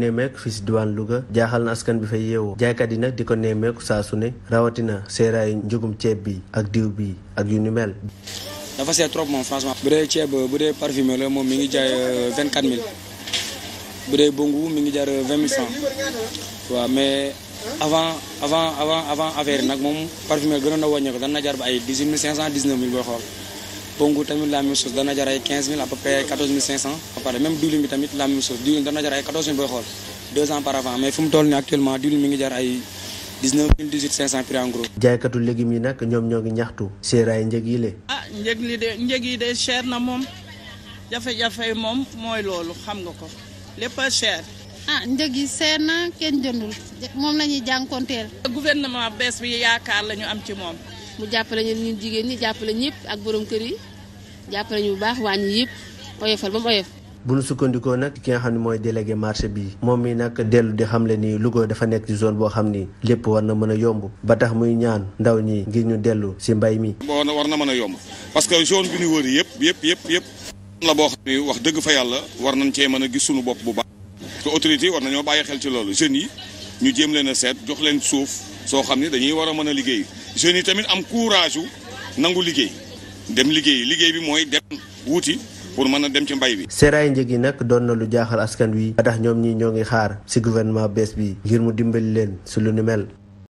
néemeek fii si diwaan Louga jaaxal na askan bi fay yeewoo jaaykat yi nag di ko néemeeku saa su ne rawatina seeraayu njugum ceeb bi ak diw bi ak yu ni mel. dafa seet trop moom franchement. bu dee ceeb bu dee parfumé la moom mi ngi jaay euh, vingt quatre mille bu dee bongu mi ngi jar euh, vingt mille mais avant avant avant avant affaire yi nag moom parfumé gënoon na wàññeeku dana jar ba ay dix huit cinq cent dix neuf mille booy xool. Pongu tamit la même chose dana jar ay 15000 à peu près diwlin bi tamit la même chose diwlin dana jar ay 14000 booy xool deux ans par avant mais fu mu toll nii actuellement diwlin mi ngi jar ay 19000 18500 prix en gros. jaaykatu légumes yi nag ñoom ñoo ngi ñaxtu seeraay njëg yi la. ah njëg li njëg yi de cher na moom jafe-jafe moom mooy loolu xam nga ko lépp a cher. ah njëg yi seer na kenn jëndul moom la ñuy jànkonteel. gouvernement bees bi yaakaar la ñu am ci moom. mu jàppale ñu ñun jigéen ñi jàppale ñëpp ak boroom kër yi jàppale ñu bu baax wàññi yëpp oyofal ba mu oyof. bu nu sukkandikoo nag ki nga xam ne mooy délégué marché bi moom mi nag dellu di xamle ni ko dafa nekk zone boo xam ni lépp war na mën a yomb ba tax muy ñaan ndaw ñi ngir ñu dellu ci mbay mi. war na war na mën a yomb parce que zone bi ñu wër yëpp yëpp yëpp yëpp. la boo xam ne wax dëgg fa yàlla war nañ cee mën a gis sunu bopp bu baax. parce autorité war nañoo bàyyi xel ci loolu jeunes yi ñu jéem a seet jox leen suuf soo xam ne dañuy war a mën a liggéey jeunes yi tamit am courage wu nangu liggéey dem liggéey liggéey bi mooy dem wuuti pour mën a dem ci mbay bi. seeraay njëg yi nag doon na lu jaaxal askan wi. ba tax ñoom ñi ñoo ngi xaar ci gouvernement bees bi ngir mu dimbali leen ci lu ni mel.